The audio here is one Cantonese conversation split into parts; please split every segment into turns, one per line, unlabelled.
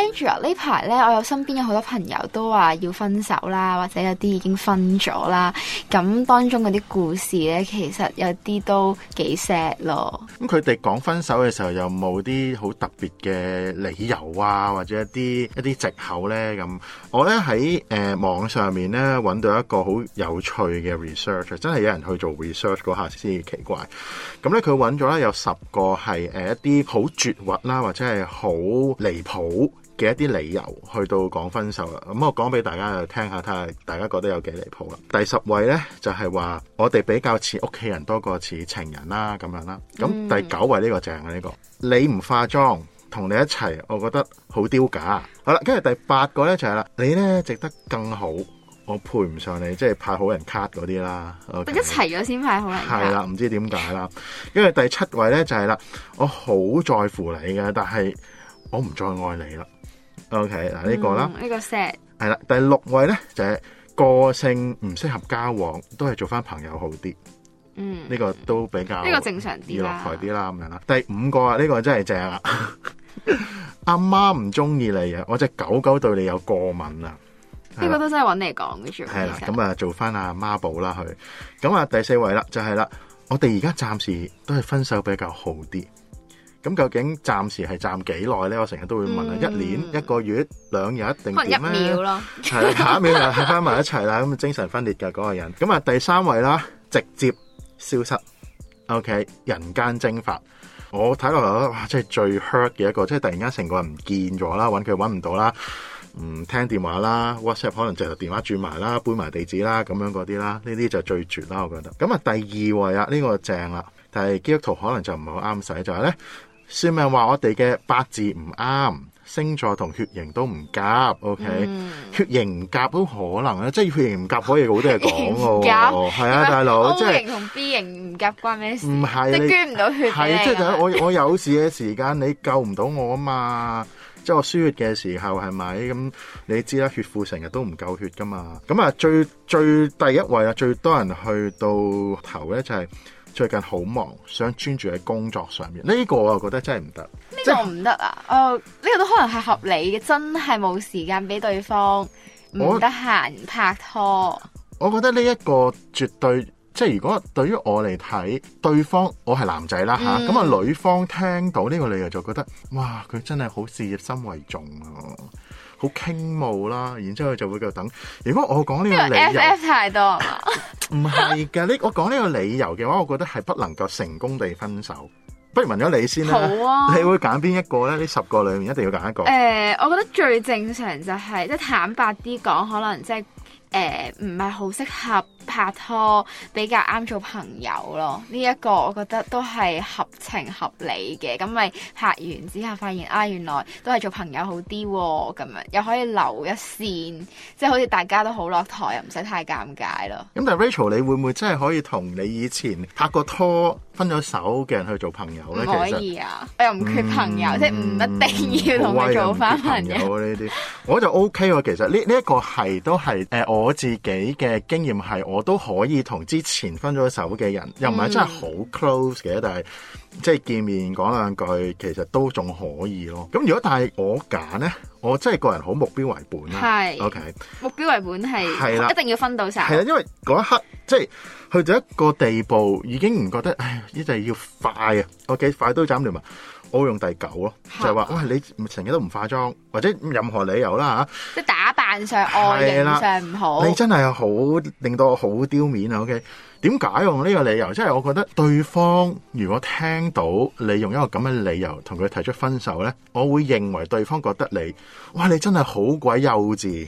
跟住呢排呢，我有身邊有好多朋友都話要分手啦，或者有啲已經分咗啦。咁當中嗰啲故事呢，其實有啲都幾 sad 咯。咁
佢哋講分手嘅時候，有冇啲好特別嘅理由啊，或者一啲一啲藉口呢？咁我呢喺誒網上面呢，揾到一個好有趣嘅 research，真係有人去做 research 嗰下先奇怪。咁呢，佢揾咗呢有十個係一啲好絕核啦，或者係好離譜，嘅一啲理由去到講分手啦。咁我講俾大家聽下，睇下大家覺得有幾離譜啦。第十位呢，就係話我哋比較似屋企人多過似情人啦，咁樣啦。咁第九位呢，嗯，呢個正嘅呢個，你唔化妝同你一齊，我覺得好丟架。好啦，跟住第八個呢，就係啦，你呢值得更好，我配唔上你，即係派好人卡嗰啲啦。Okay. 一齊
咗先派好人卡。係啦，唔
知點解啦。跟住第七位呢，就係啦，我好在乎你嘅，但係我唔再愛你啦。O K，嗱呢個啦，呢、嗯，這
個 set
係啦，第六位咧就係、是、個性唔適合交往，都係做翻朋友好啲。
嗯、呢、這
個都比較呢個
正常啲啦，易落台
啲啦咁樣啦。第五個啊，呢、這個真係正啦，阿 媽唔中意你啊，我隻狗狗對你有過敏啊。呢、
這個都真係揾你講嘅，主要係啦。咁
啊，做翻阿媽寶啦佢。咁啊，第四位啦就係、是、啦，我哋而家暫時都係分手比較好啲。咁究竟暫時係暫幾耐咧？我成日都會問啊、嗯，一年、一個月、兩日樣一定點咧？秒咯，係啦，下一秒又返埋一齊啦。咁、嗰個、精神分裂嘅嗰、嗰個人。咁啊，第三位啦，直接消失，OK，人間蒸發。我睇落嚟覺得哇，真係最 hurt 嘅一個，即係突然間成個人唔見咗啦，揾佢揾唔到啦，唔、嗯、聽電話啦，WhatsApp 可能就電話轉埋啦，搬埋地址啦，咁樣嗰啲啦，呢啲就最絕啦，我覺得。咁啊，第二位啊，呢、呢個正啦，但係基督徒可能就唔係好啱使，就係、係、咧。算命話我哋嘅八字唔啱，星座同血型都唔夾，OK？嗯、血型唔夾都可能，即係血型唔夾可以好多嘢講噶喎。係、 就是、啊，大佬，即係 O 型
同 B 型唔夾關咩事？即係捐唔到血命。即係我
我有事嘅時間，你救唔到我啊嘛！ 即係我輸血嘅時候係咪咁？是是你知啦，血庫成日都唔夠血噶嘛。咁啊，最最第一位啊，最多人去到頭咧就係、是。最近好忙，想專注喺工作上面，呢、這個我又覺得真係唔得，呢、
這個唔、就、得、是、啊！誒、呃，呢、這個都可能係合理嘅，真係冇時間俾對方，冇得閒拍拖。
我覺得呢一個絕對，即係如果對於我嚟睇，對方我係男仔啦吓，咁啊、嗯、女方聽到呢個理由，就覺得，哇佢真係好事業心為重啊！好傾慕啦，然之後佢就會繼續等。如果我講呢個理由、這個、
FF 太多，唔
係嘅，呢我講呢個理由嘅話，我覺得係不能夠成功地分手。不如問咗你先啦，好啊，你會揀邊一個咧？呢十個裏面一定要揀一個。呃，
我覺得最正常就係即係坦白啲講，可能即係呃，唔係好適合。拍拖比較啱做朋友咯，呢、這、一個我覺得都係合情合理嘅，咁咪拍完之後發現啊，原來都係做朋友好啲喎，咁樣又可以留一線，即係好似大家都好落台，又唔使太尷尬咯。
咁但 Rachel，你會唔會真係可以同你以前拍過拖分咗手嘅人去做朋友咧？可以
啊，我又唔缺朋友，嗯、即係唔一定要同、嗯、你做翻朋友
呢啲，我就 OK 喎、啊。 其實呢呢一個係都係誒我自己嘅經驗係我。我都可以同之前分咗手嘅人，又唔係真係好 close 嘅，但係即係見面講兩句，其實都仲可以咯。咁如果但係我揀咧，我真係個人好目標為本啦。係，OK，
目標為本係，係一定要分到晒。係啊，因
為嗰一刻即係去到一個地步，已經唔覺得，哎，一定要快啊！OK，快刀斬亂麻。我用第九咯，就係話，哇！你成日都唔化妝，或者任何理由啦吓，
即係打扮上、外型上唔好，你真係
好令到我好丟面啊！OK，點解用呢個理由？即係我覺得對方如果聽到你用一個咁嘅理由同佢提出分手咧，我會認為對方覺得你，哇！你真係好鬼幼稚。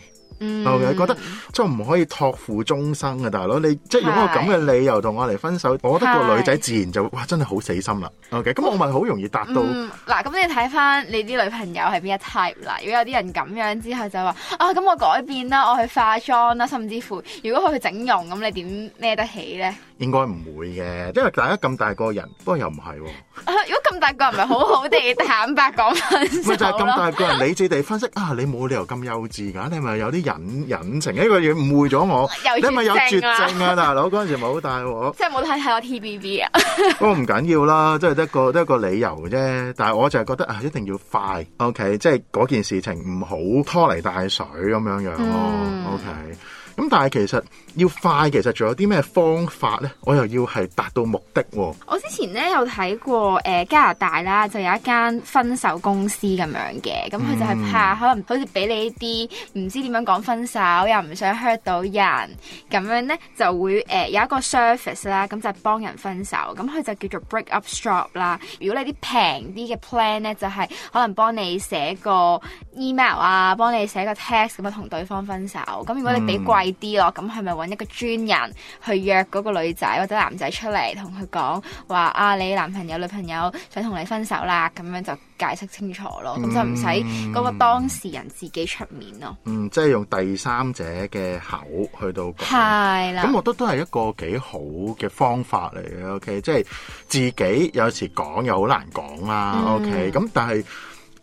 哦、okay，嘅、嗯，覺得
即係唔可以託付終生嘅、啊、大佬，你即係用一個咁嘅理由同我嚟分手，我覺得個女仔自然就哇真係好死心啦、啊。哦嘅，咁我咪好容易達到。
嗱、哦、咁、嗯、你睇翻你啲女朋友係邊一 type 嗱？如果有啲人咁樣之後就話啊，咁我改變啦，我去化妝啦，甚至乎如果我去整容咁，你點孭得起咧？
應該唔會嘅，因為大家咁大個人，不過又唔係喎。啊如
果咁大個唔係好好地坦白講分手， 就係咁大個人
理智地分析啊！你冇理由咁幼稚噶，你咪有啲隱隱情呢個嘢誤會咗我，你咪有絕症, 絕症啊！大佬嗰陣時冇，但係即
係冇睇睇我
TVB 啊！ 哦，唔緊要啦，即係得個，得一個理由啫。但係我就係覺得啊，一定要快，OK，即係嗰件事情唔好拖泥帶水咁樣樣咯、嗯、，OK。咁但係其實要快，其實仲有啲咩方法咧？我又要係達到目的、哦。
我之前咧有睇過誒、呃、加拿大啦，就有一間分手公司咁樣嘅，咁佢就係怕、嗯、可能好似俾你啲唔知點樣講分手，又唔想 hurt 到人，咁樣咧就會誒、呃、有一個 service 啦，咁就係幫人分手。咁佢就叫做 break up shop 啦。如果你啲平啲嘅 plan 咧，就係、是、可能幫你寫個 email 啊，幫你寫個 text 咁樣同對方分手。咁如果你俾貴啲咯，咁係咪揾一個專人去約嗰個女仔或者男仔出嚟，同佢講話啊？你男朋友女朋友想同你分手啦，咁樣就解釋清楚咯。咁、嗯、就唔使嗰個當事人自己出面咯。嗯，
即係用第三者嘅口去到
講，係啦。咁我覺得
都係一個幾好嘅方法嚟嘅。OK，即係自己有時講又好難講啦。O K，咁但係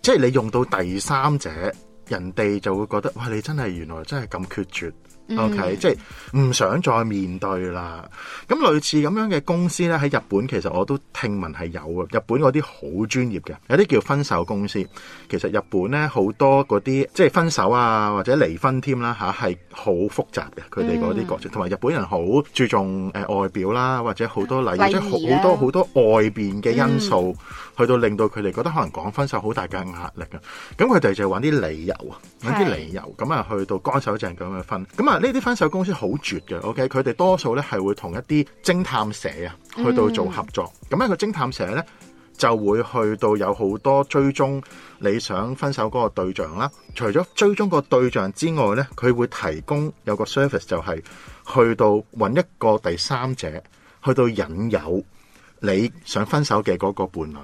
即係你用到第三者，人哋就會覺得哇，你真係原來真係咁決絕。O.K.、Mm-hmm. 即係唔想再面對啦。咁類似咁樣嘅公司咧，喺日本其實我都聽聞係有嘅。日本嗰啲好專業嘅，有啲叫分手公司。其實日本咧好多嗰啲即係分手啊或者離婚添啦嚇，係好複雜嘅。佢哋嗰啲角色同埋、mm-hmm. 日本人好注重誒外表啦，或者好多禮儀、啊、即係好多好多外面嘅因素。Mm-hmm. 去到令到佢哋覺得可能講分手好大嘅壓力啊！咁佢哋就揾啲理由，揾啲理由咁啊，去到乾手淨腳咁樣分咁啊！呢啲分手公司好絕嘅，OK？佢哋多數咧係會同一啲偵探社啊，去到做合作。咁、嗯、一個偵探社咧就會去到有好多追蹤你想分手嗰個對象啦。除咗追蹤個對象之外咧，佢會提供有個 service 就係去到揾一個第三者去到引誘你想分手嘅嗰個伴侶。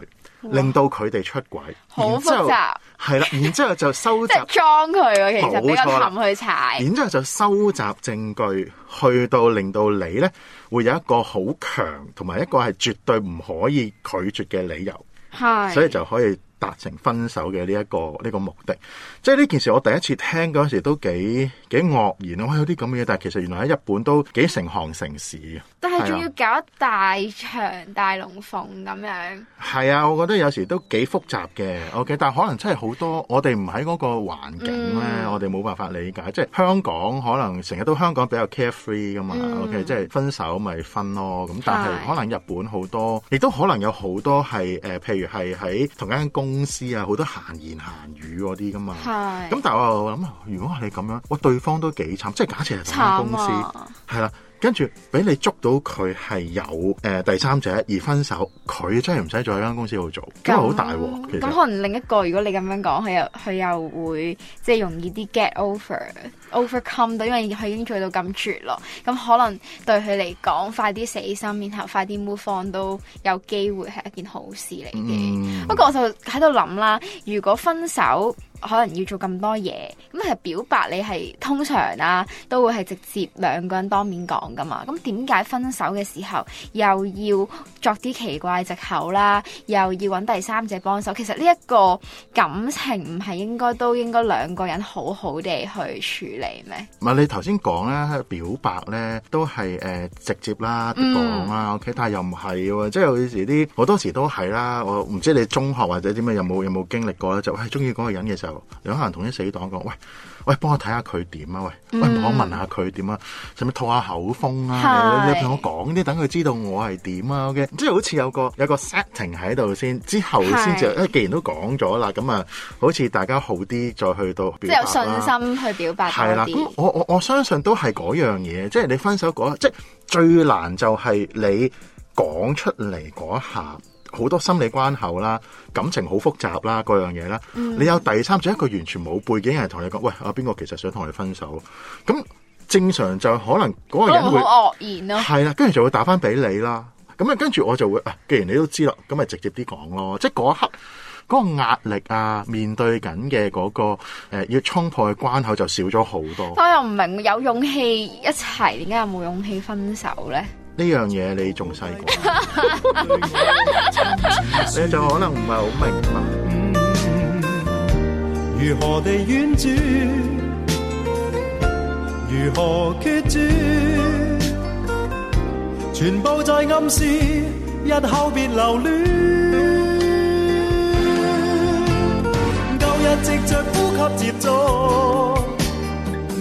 令到佢哋出軌，好複雜，係啦。然之後就收集，即係裝佢喎，其實比較冚去踩。然之後就收集證據，去到令到你咧會有一個好強，同埋一個係絕對唔可以拒絕嘅理由，
係， 所以
就可以。達成分手嘅呢一個呢、呢個目的，即係呢件事我第一次聽嗰陣時候都幾幾愕然啊、哎！有啲咁嘅嘢，但係其實原來喺日本都幾成行成市。但係仲要
搞大場大龍鳳咁樣。
係啊，我覺得有時候都幾複雜嘅。OK，但係可能真係好多我哋唔喺嗰個環
境咧、嗯，我
哋冇辦法理解。即係香港可能成日都香港比較 carefree 㗎嘛。OK、嗯、即係分手咪分咯。咁但係可能日本好多亦都可能有好多係誒、呃，譬如係喺同間公。公司啊，好多閒言閒語嗰啲噶嘛，咁但係我又諗諗，如果係咁樣，我對方都幾慘，即係假設係間公司，係啦，啊。跟住俾你捉到佢係有第三者而分手，佢真係唔使再喺間公司度做，因為好大鑊。咁可能
另一個，如果你咁樣講，佢又佢又會即係、就是、容易啲 get over overcome 到，因為佢已經做到咁絕咯。咁可能對佢嚟講，快啲死心，然後快啲 move on 都有機會係一件好事嚟嘅。不、嗯、過、那個、我就喺度諗啦，如果分手，可能要做咁多嘢。咁係表白你係通常啦，都會係直接兩個人當面講噶嘛。咁點解分手嘅時候又要作啲奇怪借口啦，又要揾第三者幫手？其實呢一個感情唔係應該都應該兩個人好好地去處理咩？
唔係你頭先講啦，表白咧都係誒直接啦講啦，OK，但係又唔係即係有時啲好多時都係啦，我唔知你中學或者點解有冇有冇經歷過咧？就係，中意嗰個人嘅時候。有可能同啲死黨講，喂喂，幫我睇下佢點啊？喂、嗯、喂，幫我問下佢點啊？使唔使吐下口風啊？你你同我講啲，等佢知道我係點啊？OK，即係好似有個有個 setting 喺度先，之後先至。因為既然都講咗啦，咁啊，好似大家好啲，再去到即係、啊就是、有信心
去表白。係啦，
我我我相信都係嗰樣嘢，即、就、係、是、你分手嗰即係最難就係你講出嚟嗰下。好多心理關口啦，感情好複雜啦，嗰樣嘢啦、嗯，你有第三者，一個完全冇背景係同你講，喂，阿邊個其實想同你分手？咁正常就可能嗰個人會愕、啊、
然咯，係
啦，跟住就會打翻俾你啦。咁啊，跟住我就會，哎、既然你都知啦，咁咪直接啲講咯。即係嗰一刻，嗰、嗰個壓力啊，面對緊嘅嗰個、呃、要衝破嘅關口就少咗好多。我
又唔明，有勇氣一齊，點解有冇勇氣分手咧？
呢樣嘢你仲細個， 你就可能唔係好明白，嗯，如何地婉轉，如何決絕，全部在暗示，日後別
留戀，舊日直著呼吸接觸。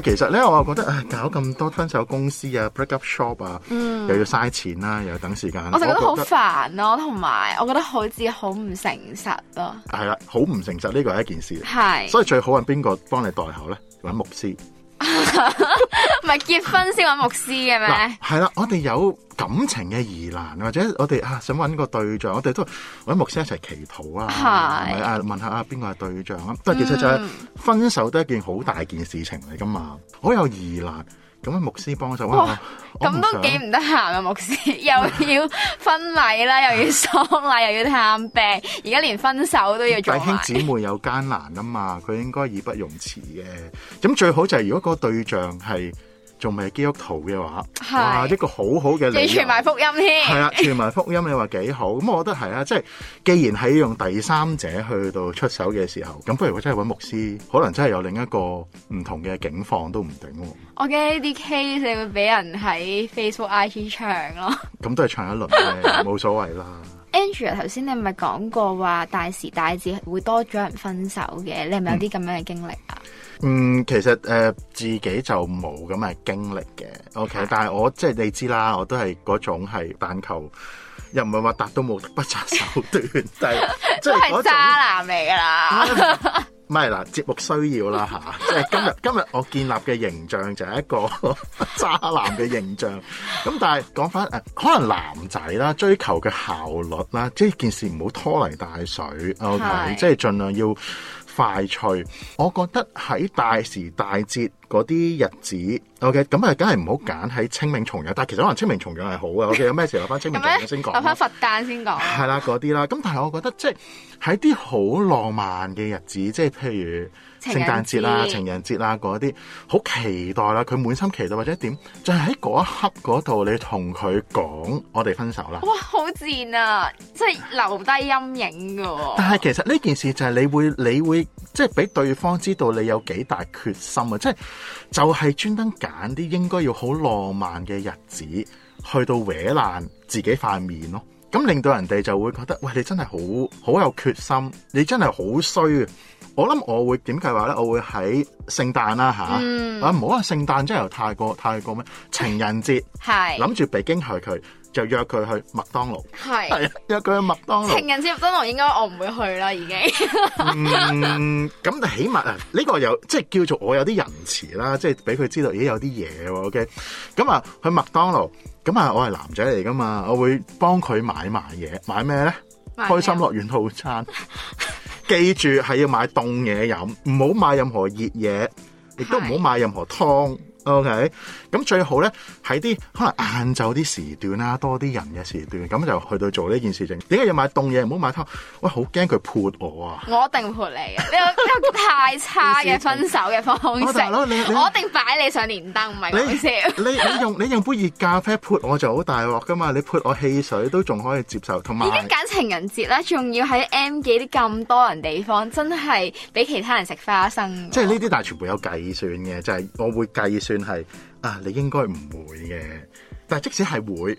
其實咧，我覺得啊，搞咁多分手公司啊，breakup shop 啊，嗯、又要嘥錢啦，啊，又要等時間。我就覺得好
煩咯，啊，同埋我覺得好似好唔誠實咯，
啊。係啦，好唔誠實呢個係一件事。係，所以最好係邊個幫你代口咧？揾牧師。
唔 係結婚先揾牧師嘅咩？
係 啦，我哋有感情嘅疑難，或者我哋啊想揾個對象，我哋都揾牧師一齊祈禱啊，係啊？問下啊，邊個係對象啊？都係，其實就係分手都係一件好大件事情嚟噶嘛，好有疑難。咁啊、哦哦，牧師幫手哇！咁都幾唔
得閒啊，牧師又要婚禮啦，又要喪禮， 禮，又要探病，而家連分手都要做埋。弟兄姊
妹有艱難啊嘛，佢應該義不容辭嘅。咁最好就係如果個對象係仲未基督徒嘅話，哇！一個好好嘅你傳
埋福音添，係啦、啊，
傳埋福音，你話幾好？咁 我覺得係啊，即係既然係用第三者去到出手嘅時候，咁不如我真係揾牧師，可能真係有另一個唔同嘅境況都唔定。
我驚呢啲 case，你會俾人喺 Facebook、IG 唱咯，
咁都係唱一輪冇 所謂啦。
Andrew，頭先你咪講過話大時大節會多咗人分手嘅，你係咪有啲咁樣嘅經歷啊？嗯
嗯，其實誒、呃，自己就冇咁嘅經歷嘅，OK，但係我即係你知啦，我都係嗰種係單求，又唔係話達到冇不擇手段，係
即係嗰種渣男嚟噶、 啊、啦，
唔係嗱節目需要啦吓、啊，即係今日今日我建立嘅形象就係一個 渣男嘅形象，咁 但係講翻誒，可能男仔啦追求嘅效率啦，即係件事唔好拖泥帶水，OK，即係盡量要。快脆，我覺得喺大時大節嗰啲日子，OK，咁啊，梗係唔好揀喺清明重陽。但係其實可能清明重陽係好嘅，OK。有咩時候留翻清明重陽先講？留翻
佛誕先講。
係 啦，嗰啲啦。咁但係我覺得即係喺啲好浪漫嘅日子，即係譬如。聖誕節啊，情人節啊，嗰啲好期待啦、啊。佢滿心期待，或者點？就喺嗰一刻嗰度，你同佢講我哋分手啦。哇！
好賤啊！即係留低陰影喎、啊。但
係其實呢件事就係你會，你會即係俾對方知道你有幾大決心啊！即係就係、是、專登揀啲應該要好浪漫嘅日子，去到搲爛自己塊面咯。咁令到人哋就會覺得，喂，你真係好好有決心，你真係好衰啊！我諗我會點計劃咧？我會喺聖誕啦，吓啊！唔好話聖誕真係又太過太過咩？情人節，諗住俾驚喜佢，就約佢去麥當勞。係， 約佢去麥當勞。情
人節麥當勞應該我唔會去啦，已經。
咁、 嗯，起碼啊，呢、這個有即係、就是、叫做我有啲仁慈啦，即係俾佢知道已經有啲嘢喎。OK，咁啊，去麥當勞，咁啊，我係男仔嚟噶嘛，我會幫佢買埋嘢。買咩咧？開心樂園套餐。 記住係要買凍嘢飲，唔好買任何熱嘢，亦都唔好買任何湯。O K，咁最好咧，喺啲可能晏晝啲時段啦，多啲人嘅時段，咁就去到做呢件事情。點解要買凍嘢唔好買湯？喂，好驚佢潑我啊！
我一定潑你啊！你有太差嘅分手嘅方式， 我一定擺你上連登，唔係講笑。你你,你用
你用杯熱咖啡潑我就好大鑊㗎嘛？你潑我汽水都仲可以接受，同埋點解揀
情人節咧？仲要喺 M 記啲咁多人嘅地方，真係俾其他人食花生。即
係呢啲，但係全部有計算嘅，就係我會計算。係啊，你應該唔會嘅。但係即使係會，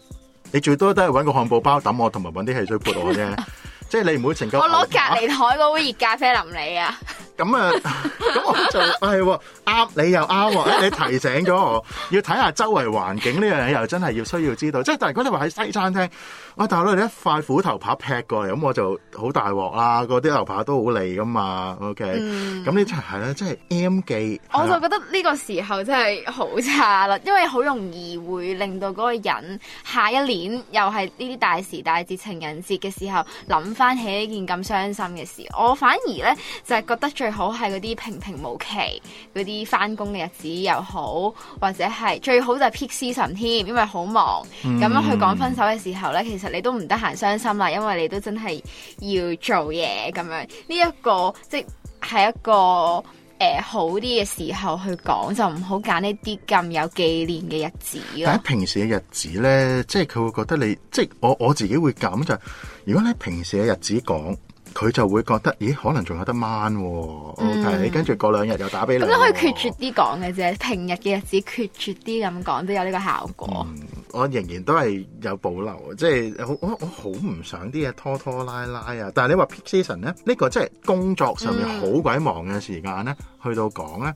你最多都係搵個漢堡包抌我，同埋搵啲汽水潑我啫。 即係你唔會成個我攞隔籬
台嗰杯熱咖啡淋你啊！ 咁 啊，咁我就
係啱、啊，你又啱、啊，你提醒咗我要睇下周圍環境呢樣嘢，又真係要需要知道。即、就、係、是，但係如果你話喺西餐廳哇！大佬你一塊斧頭扒劈過嚟，咁我就好大鑊啦。嗰啲、啊、牛扒都好利噶嘛。OK，咁、嗯、呢？真係即真係 M 記，
我就覺得呢個時候真係好差啦，因為好容易會令到嗰個人下一年又係呢啲大時大節情人節嘅時候，諗翻起呢件咁傷心嘅事，我反而咧就係、是、覺得最。最好係嗰啲平平無奇嗰啲返工嘅日子又好，或者係最好就係 peak season 添，因為好忙，咁、嗯、樣去講分手嘅時候呢，其實你都唔得閒傷心啦，因為你都真係要做嘢咁樣。呢一個即係一個誒好啲嘅時候去講，就唔好揀呢啲咁有紀念嘅日子咯。但係
平時嘅日子呢，即係佢會覺得你，即係我我自己會咁就是，如果你平時嘅日子講。佢就會覺得，咦？可能仲有得掹喎、哦。O K，跟住過兩日又打俾你、哦。咁都可以決
絕啲講嘅啫。平日嘅日子決絕啲咁講都有呢個效果。
我仍然都係有保留，即、就、係、是、我我，我好唔想啲嘢拖拖拉拉啊。但係你話 peak season 呢、這個即係工作上面好鬼忙嘅時間咧、嗯，去到講咧，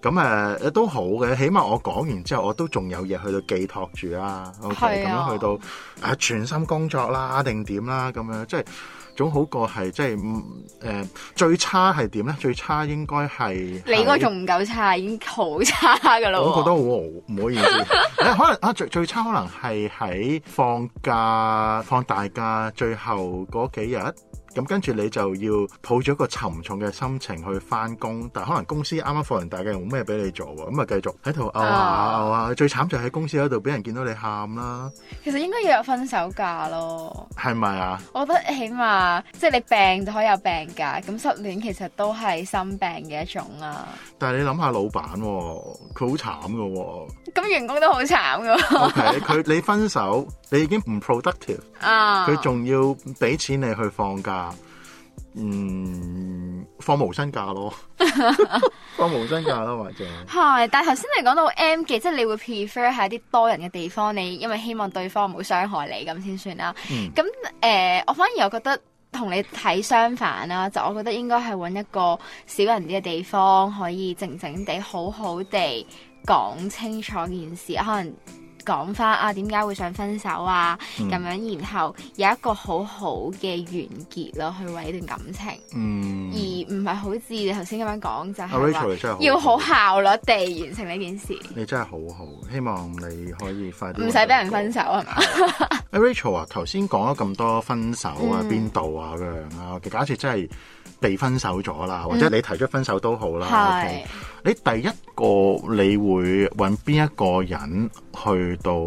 咁誒、呃、都好嘅，起碼我講完之後我都仲有嘢去到寄託住啦、啊。O K，咁樣去到啊，全心工作啦，定點啦，咁樣即係。總好過係即係、嗯，最差係點咧？最差應該係你個仲唔
夠差，已經好差噶啦！我覺得
好唔好意思， 可能啊最最差可能係喺放假放大假最後嗰幾日。咁跟住你就要抱咗個沉重嘅心情去翻工，但係可能公司啱啱放完假嘅冇咩俾你做喎，咁啊繼續喺度哭哭哭，最慘就喺公司嗰度俾人見到你喊啦。
其實應該要有分手假咯，
係咪啊？
我覺得起碼即係你病就可以有病假，咁失戀其實都係心病嘅一種啊。
但係你諗下、哦，老闆佢好慘㗎喎，
咁員工都好慘嘅。o、okay，
佢 你分手你已經唔 productive 啊，佢仲要俾錢你去放假。嗯，放無薪假咯， 放無薪假囉。
或者。係， 但係頭先你講到 M 嘅，即係你會 prefer 喺啲多人嘅地方，你因為希望對方唔好傷害你咁先算啦。咁、嗯呃、我反而我覺得同你睇相反啦，就我覺得應該係揾一個少人啲嘅地方，可以靜靜地、好好地講清楚件事，可能。講翻啊，點解會想分手啊？咁、嗯、樣，然後有一個好好嘅完結咯，去為呢段感情。嗯。而唔係好似你頭先咁樣講就係、是、要好效率地完成呢件事。啊、Rachel，
你真係好好，希望你可以快啲。唔使俾人分
手 啊？嘛。
Rachel 啊，頭先講咗咁多分手啊，邊度啊咁樣啊，假設真係。被分手咗啦，或者你提出分手都好啦、嗯 okay。你第一個你會揾邊一個人去到？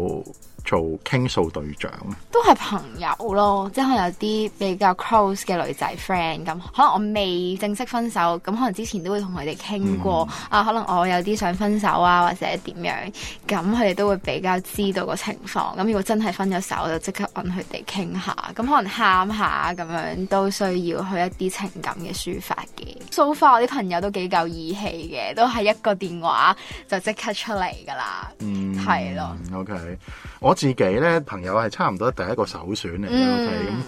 做傾訴對象
都係朋友咯，即係可能有啲比較 close 嘅女仔 friend 咁，可能我未正式分手，咁可能之前都會同佢哋傾過、嗯、啊，可能我有啲想分手啊，或者點樣，咁佢哋都會比較知道個情況。咁如果真係分咗手，就即刻揾佢哋傾下，咁可能喊下咁樣，都需要去一啲情感嘅抒發嘅。So far，我啲朋友都幾夠義氣嘅，都係一個電話就即刻出嚟噶啦，
嗯，係咯，OK，我。自己咧，朋友係差唔多第一個首選嚟嘅 ok，咁，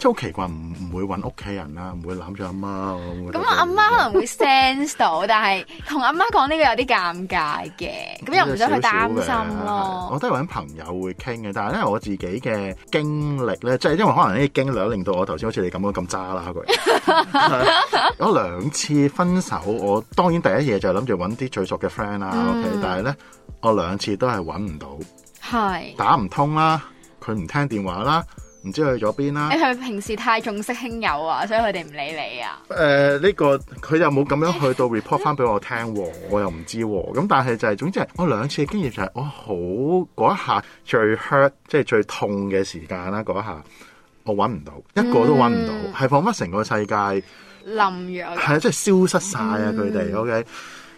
即係好奇怪，唔唔會揾屋企人啦，唔會攬住阿媽。咁阿媽
可能會 sense 到，但係同阿媽講呢個有啲尷尬嘅，咁又唔想佢擔心咯。
我都係揾朋友會傾嘅，但係咧我自己嘅經歷咧，即係因為可能呢啲經歷令到我頭先好似你咁樣咁渣啦嗰
個。
我兩次分手，我當然第一嘢就係諗住揾啲最熟嘅 friend 啊 ok，但係咧我兩次都係揾唔到。係打唔通啦，佢唔聽電話啦，唔知去咗邊啦。
係咪平時太重色輕友啊，所以佢哋唔理你
啊？誒、呃、呢、這個佢又冇咁樣去到 report 翻，俾我聽，我又唔知。咁但係就係、是，總之係我兩次的經驗就係，我好嗰一下最 hurt，即係最痛嘅時間啦。嗰一下我搵唔到，一個都搵唔到，係、嗯、彷彿成個世界
冧咗，係
啊，即係消失晒啊，佢、嗯、哋。OK。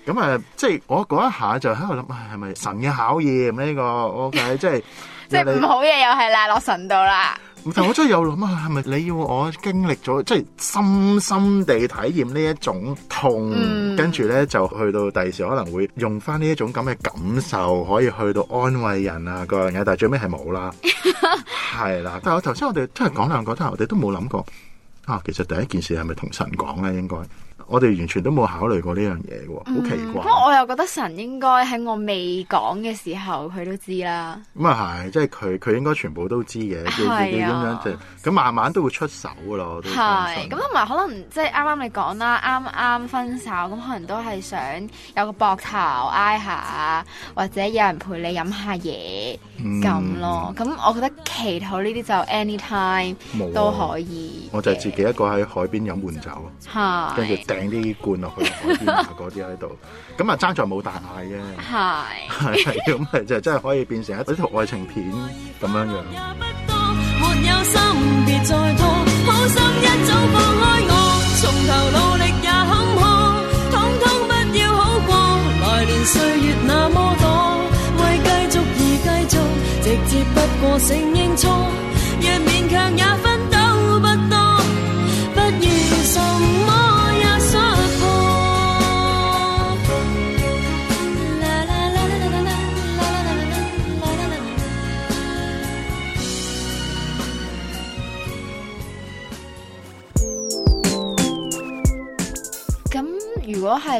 咁啊，即係我嗰一下就喺度諗，係係咪神嘅考驗咁呢個？我睇即係即係唔好
嘢，又係賴落神度啦。
但我真係有諗啊，係咪你要我經歷咗，即係深深地體驗呢一種痛，跟住咧就去到第二時可能會用翻呢一種咁嘅感受，可以去到安慰人啊各樣嘢，但係最尾係冇啦，係啦。但係我頭先我哋真係講兩個，但係我哋都冇諗過啊。其實第一件事係咪同神講咧，應該？我哋完全都冇考慮過呢樣嘢喎，好奇怪。不、嗯、
過我又覺得神應該喺我未講嘅時候，佢都知啦。
咁啊係，即係佢佢應該全部都知嘅，咁樣即咁慢慢都會出手噶喇。我都係。
咁同埋可能即係啱啱你講啦，啱啱分手咁可能都係想有個膊頭挨下，或者有人陪你飲下嘢咁咯。咁、嗯、我覺得祈禱呢啲就 anytime、啊、都可以。
我就係自己一個喺海邊飲悶酒，跟住整啲罐落去嗰啲啊，嗰啲喺度，咁啊爭在冇大嗌啫，係係咁就真係可以變
成一套愛情片咁樣樣。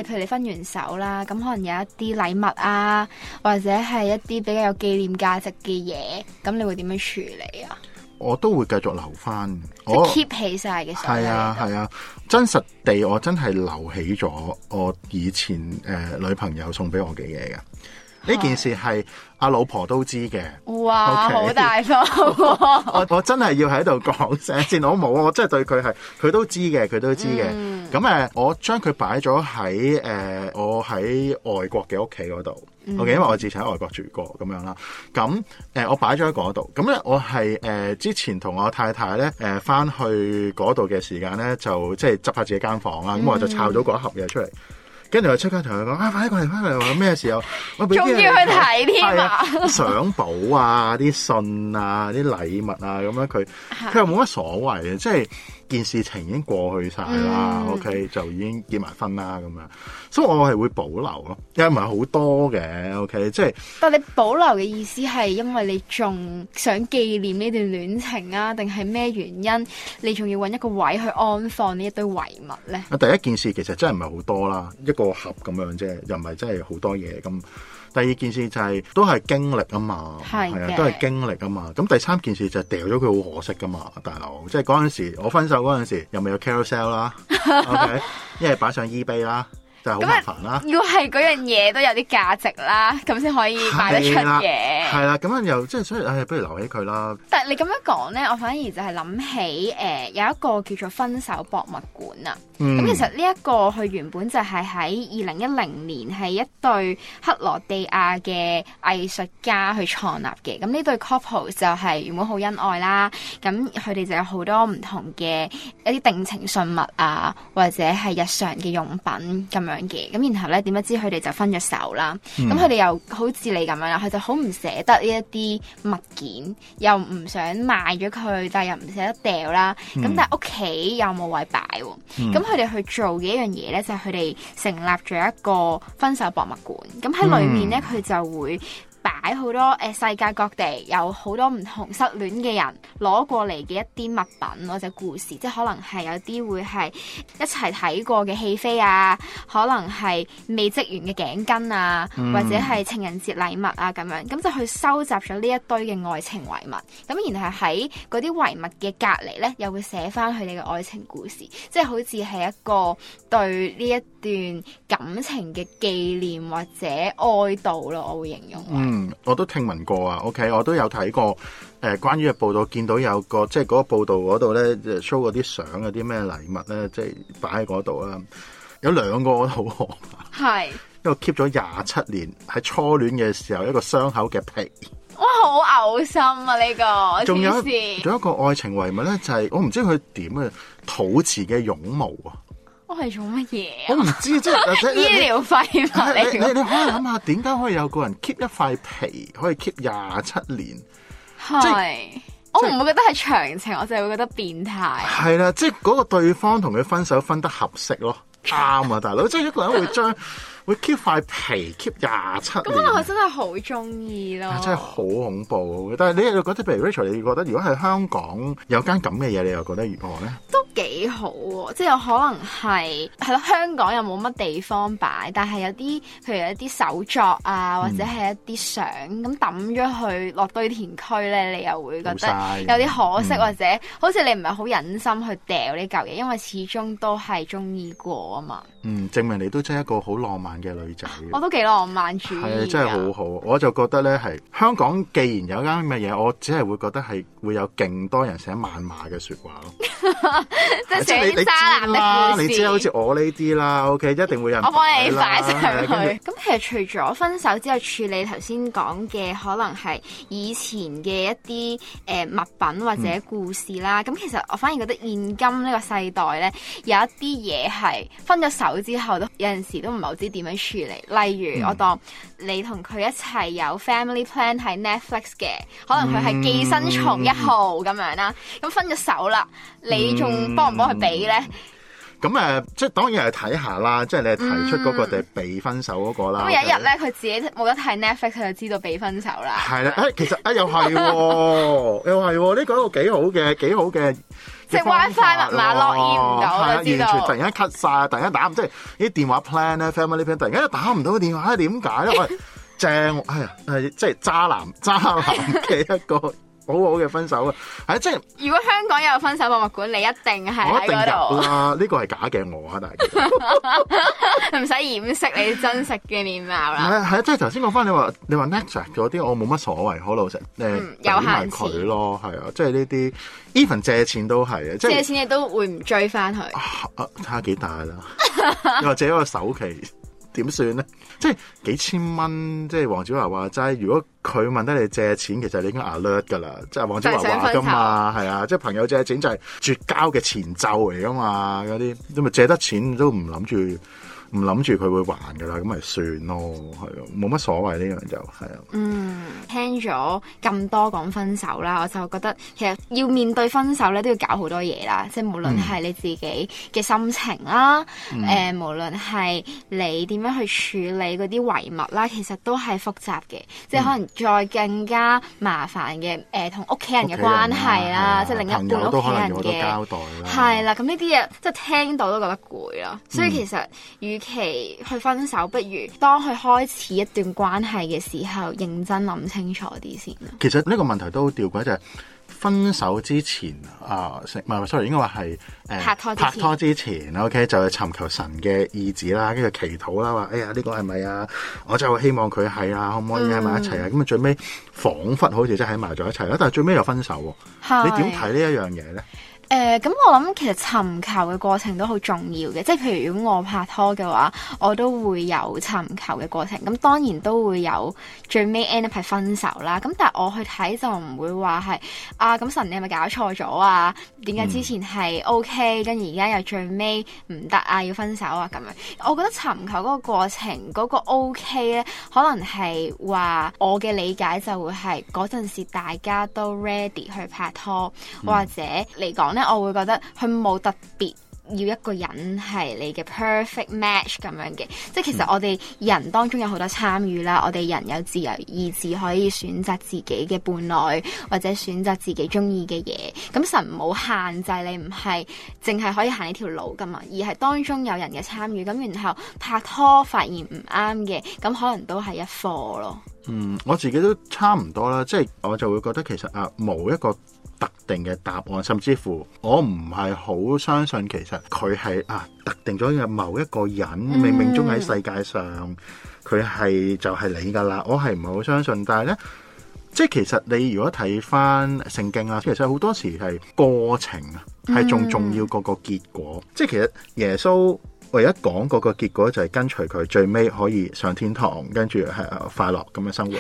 譬如你分完手啦，咁可能有一啲禮物啊，或者係一啲比較有紀念價值嘅嘢，咁你會點樣處理啊？
我都會繼續留返，我 keep 起
晒嘅。係啊
係啊，真實地我真係留起咗我以前誒、呃、女朋友送俾我嘅嘢嘅。呢件事係阿老婆都知嘅，
哇，好、okay、大方！
我我真係要喺度講聲，我冇，我真係對佢係，佢都知嘅，佢都知嘅。咁、嗯、誒，我將佢擺咗喺誒，我喺外國嘅屋企嗰度，OK，因為我之前喺外國住過咁樣啦。咁誒、呃，我擺咗喺嗰度。咁咧，我係誒之前同我太太咧，誒、呃、翻去嗰度嘅時間咧，就即係執下自己間房啦咁、嗯、我就抄咗嗰一盒嘢出嚟。跟住我出街同佢講啊，快嚟，快嚟，話咩時候？我仲要去睇添啊！相簿啊，啲、啊、信啊，啲禮物啊，咁樣佢佢又冇乜所謂嘅，即係。件事情已經過去晒啦，嗯，OK 就已經結埋婚啦咁樣，所以我係會保留咯，因為唔係好多嘅，OK 即係。
但你保留嘅意思係因為你仲想紀念呢段戀情啊，定係咩原因你仲要揾一個位去安放呢一堆遺物呢？第
一件事其實真係唔係好多啦，一個盒咁樣啫，又唔係真係好多嘢咁。第二件事就係、係、都係經歷啊嘛，係啊，都係經歷啊嘛。咁第三件事就係掉咗佢好可惜噶嘛，大佬。即係嗰陣時我分手嗰陣時又未有 Carousel 啦 ，OK，一係擺上 eBay 啦。就係好麻煩啦。要
係嗰樣嘢都有啲價值啦，咁 先可以賣得出嘅。係
啦，咁樣又即係所以，唉，不如留起佢啦。
但係你咁樣講咧，我反而就係諗起誒、呃、有一個叫做分手博物館啊。咁、嗯、其實呢一個佢原本就係喺二零一零年係一對克羅地亞嘅藝術家去創立嘅。咁呢對 couple 就係原本好恩愛啦。咁佢哋就有好多唔同嘅一啲定情信物啊，或者係日常嘅用品咁。咁，然後咧點不知佢哋就分咗手啦。咁佢哋又好似你咁樣啦，佢就好唔捨得呢一啲物件，又唔想賣咗佢，但又唔捨得掉啦。咁、嗯、但係屋企又冇位擺喎。咁佢哋去做嘅一樣嘢咧，就係佢哋成立咗一個分手博物館。咁喺裏面咧，佢、嗯、就會。擺好多誒，世界各地有好多唔同失戀嘅人攞過嚟，嘅一啲物品或者故事，即係可能係有啲會係一齊睇過嘅戲飛啊，可能係未織完嘅頸巾啊，或者係情人節禮物啊咁、嗯、樣，咁就去收集咗呢一堆嘅愛情遺物，咁然後喺嗰啲遺物嘅隔離呢，又會寫翻佢哋嘅愛情故事，即係好似係一個對呢一。段感情嘅紀念或者哀悼咯，我會形容。嗯，
我都聽聞過啊。OK，我都有睇過。誒、呃，關於嘅報道見到有個，即係嗰個報道嗰度咧，就、呃、show 嗰啲相，嗰啲咩禮物咧，即係擺喺嗰度啦。有兩個我都好狂，係一個 keep 咗廿七年喺初戀嘅時候，一個傷口嘅皮。
哇，好嘔心啊！呢、這個仲有仲有
一個愛情遺物咧，就係、是、我唔知佢點啊，肚臍嘅絨毛啊。
我係做乜嘢、啊、我唔知即係、就是就是、 醫療費嘛？你你可以諗
下點解 可以有個人 keep 一塊皮可以 keep 廿七年？
即 係、就是、我唔會覺得係長情， 我就會覺得變態。
係啦、啊，即係嗰個對方同佢分手分得合適咯，啱 啊，大佬！即、就、係、是、一個人會將 會 keep 塊皮 keep 廿七年。咁可能佢真
係好中意咯、 啊，真係
好恐怖。但係你又覺得譬如 Rachel，你覺得如果喺香港有間咁嘅嘢，你又覺得如何咧？
幾好喎、哦，即係有可能係係咯，香港又冇乜地方擺，但係有啲譬如有一啲手作啊，或者係一啲相咁抌咗去落堆填區咧，你又會覺得有啲可惜、嗯，或者好似你唔係好忍心去掉呢舊嘢，因為始終都係中意過啊嘛。
嗯，證明你都真係一個好浪漫嘅女仔。我都
幾浪漫主義。真係
好好，我就覺得咧係香港，既然有間咁嘅嘢，我只係會覺得係會有勁多人寫漫畫嘅説話
咯，即 係寫渣男你，你知啦，好似
我呢啲啦，OK，一定會有人擺，我幫你擺上去。咁
其實除咗分手之後，處理頭先講嘅可能係以前嘅一啲誒、呃、物品或者故事啦。咁、嗯、其實我反而覺得現今呢個世代咧有一啲嘢係分咗手。走之後都，有陣時都唔係好知點樣處理。例如，嗯、我當你同佢一齊有 family plan 喺 Netflix 嘅，可能佢係寄生蟲一號咁樣啦。咁、嗯、分咗手啦，你仲幫唔幫佢畀呢？
咁誒，即係當然係睇下啦，即、就、係、是、你係提出嗰個定係被分手嗰個啦。咁有一日咧，
佢、okay? 自己冇得睇 Netflix，佢就知道被分手啦。
係啦，其實啊、哎，又係、哦， 又係、哦，呢、這個幾好嘅，幾好嘅。即係 WiFi 密碼落煙度，係啦，完全突然間 cut 晒，突然間打唔即係啲電話 plan 咧，family plan 突然間打唔到電話，點解呢？我、 哎、正係、哎、呀即係、就是、渣男渣男嘅一個。 好好嘅，分手啊！係、就、啊、是，即係
如果香港有分手博物館，你一定係喺嗰度
啊，呢 個係假嘅我啊，大，
唔 使 掩飾你真實嘅面貌啦。
係 啊，啊，即係頭先講翻你話，你話 n a x o r 嗰啲，我冇乜所謂，好老實。誒，有限佢咯，係 啊，就是、即係呢啲 even 借錢都係啊，即、就是、借
錢你都會唔追翻佢啊？
睇下幾大啦，或 者一個首期。點算咧？即係幾千蚊，即係黃子華話齋。如果佢問得你借錢，其實你應該 alert 噶啦，即係黃子華話噶嘛，係啊！即係朋友借錢就係絕交嘅前奏嚟噶嘛，嗰啲咁咪借得錢都唔諗住，唔諗住佢會還噶啦，咁咪算咯，係咯，冇乜所謂呢樣就係啊。
嗯，聽咗咁多講分手啦，我就覺得其實要面對分手咧都要搞好多嘢啦，即係無論係你自己嘅心情啦、啊，誒、嗯呃，無論係你點樣去處理嗰啲遺物啦，其實都係複雜嘅、嗯，即可能再更加麻煩嘅誒，同屋企人嘅關係啦，家啊啊、即另一對屋企人嘅，
係
啦，咁呢啲嘢即係聽到都覺得攰咯，所以其實如其、okay, 去分手，不如當佢開始一段關係嘅時候，認真諗清楚啲先。
其實呢個問題都好吊詭，就係、是、分手之前啊，食唔係 sorry，應該話係誒拍拖之前，拍拖之前 OK，就係尋求神嘅意旨啦，跟住祈禱啦，話哎呀呢、這個係咪啊？我就希望佢係啊，可唔可以喺埋一齊啊？咁、嗯、啊最尾，仿佛好似真係喺埋咗一齊啦，但係最尾又分手喎。你點睇呢一樣嘢咧？
誒、呃，咁，我諗其實尋求嘅過程都好重要嘅，即係譬如如果我拍拖嘅話，我都會有尋求嘅過程。咁當然都會有最尾 end up 係分手啦。咁但係我去睇就唔會話係啊咁神，你係咪搞錯咗啊？點解、啊、之前係 OK，跟住而家又最尾唔得啊？要分手啊咁樣？我覺得尋求嗰個過程嗰、嗰個 OK 咧，可能係話我嘅理解就會係嗰陣時大家都 ready 去拍拖，嗯、或者嚟講咧。我會覺得佢冇特別要一個人係你嘅 perfect match 咁樣嘅，即係其實我哋人當中有好多參與啦，我哋人有自由意志可以選擇自己嘅伴侶或者選擇自己中意嘅嘢，咁神冇限制你唔係淨係可以行呢條路噶嘛，而係當中有人嘅參與，咁然後拍拖發現唔啱嘅，咁可能都係一課咯。嗯，
我自己都差唔多啦，即係我就會覺得其實啊冇一個。特定嘅答案，甚至乎我唔係好相信，其實佢係啊特定咗嘅某一個人，冥、嗯、冥中喺世界上佢係就係、是、你噶啦，我係唔係好相信。但係咧，即係其實你如果睇翻聖經啊，其實好多時係過程啊，
係仲重
要過個結果。嗯、即係其實耶穌。唯一講過個結果就係跟隨佢最尾可以上天堂，跟住係快樂咁嘅生活。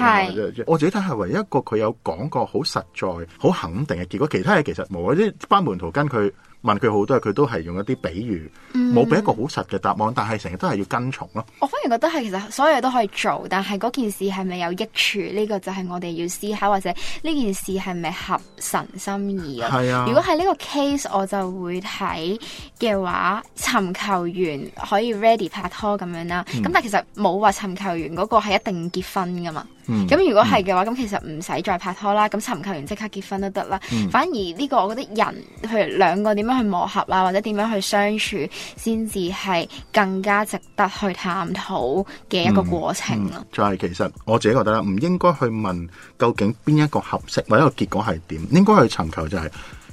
我自己睇係唯一一個佢有講過好實在、好肯定嘅結果。其他嘢其實冇啲班門徒跟佢。問佢好多，佢都係用一啲比喻，冇、嗯、俾一個好實嘅答案，但係成日都係要跟從咯。
我反而覺得係，其實所有嘢都可以做，但係嗰件事係咪有益處呢？呢個就係我哋要思考，或者呢件事係咪合神心意啊？係啊！如果係呢個 case，我就會睇嘅話，尋求完可以 ready 拍拖咁樣啦。咁、嗯、但其實冇話尋求完嗰個係一定要結婚噶嘛。咁、嗯、如果係嘅話，咁、嗯、其實唔使再拍拖啦。咁尋求完即刻結婚都得啦、嗯。反而呢個我覺得人譬如兩個點，去磨合啊，或者點樣去相處，先至係更加值得去探討嘅一個過程咯、嗯
嗯。就係、是，其實我自己覺得啦，唔應該去問究竟邊一個合適，或者個結果係點，應該去尋求就係、是、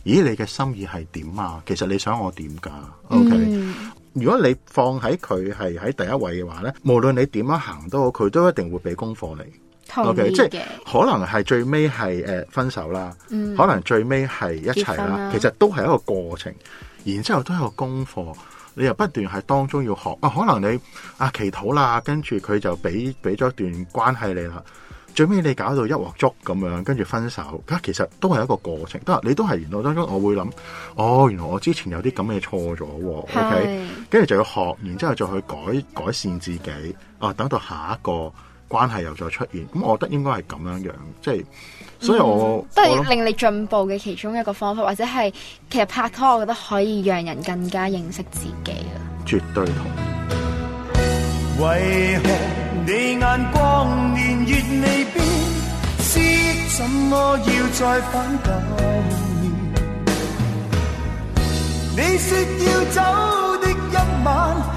咦，你嘅心意係點啊？其實你想我點噶、嗯？OK，如果你放喺佢係喺第一位嘅話咧，無論你點樣行都好，佢都一定會俾功課你。Okay, 即係可能係最尾係誒分手啦，嗯、可能最尾係一齊啦。其實都係一個過程，然之後都係個功課。你又不斷係當中要學啊，可能你啊祈禱啦，跟住佢就俾俾咗一段關係你啦。最尾你搞到一鑊粥咁樣，跟住分手。其實都係一個過程。都你都係沿路當中，我會諗，哦，原來我之前有啲咁嘅錯咗。O K，跟住就要學，然之後再去改改善自己、啊。等到下一個。關係又再出現，咁我覺得應該係咁樣樣，即係，所以我、嗯、都係我令
你進步嘅其中一個方法，或者係其實拍拖，我覺得可以讓人更加認識自己啊！
絕對同意。
為何你眼光年月未變，思憶怎麼要再返舊年？你説要走的一晚。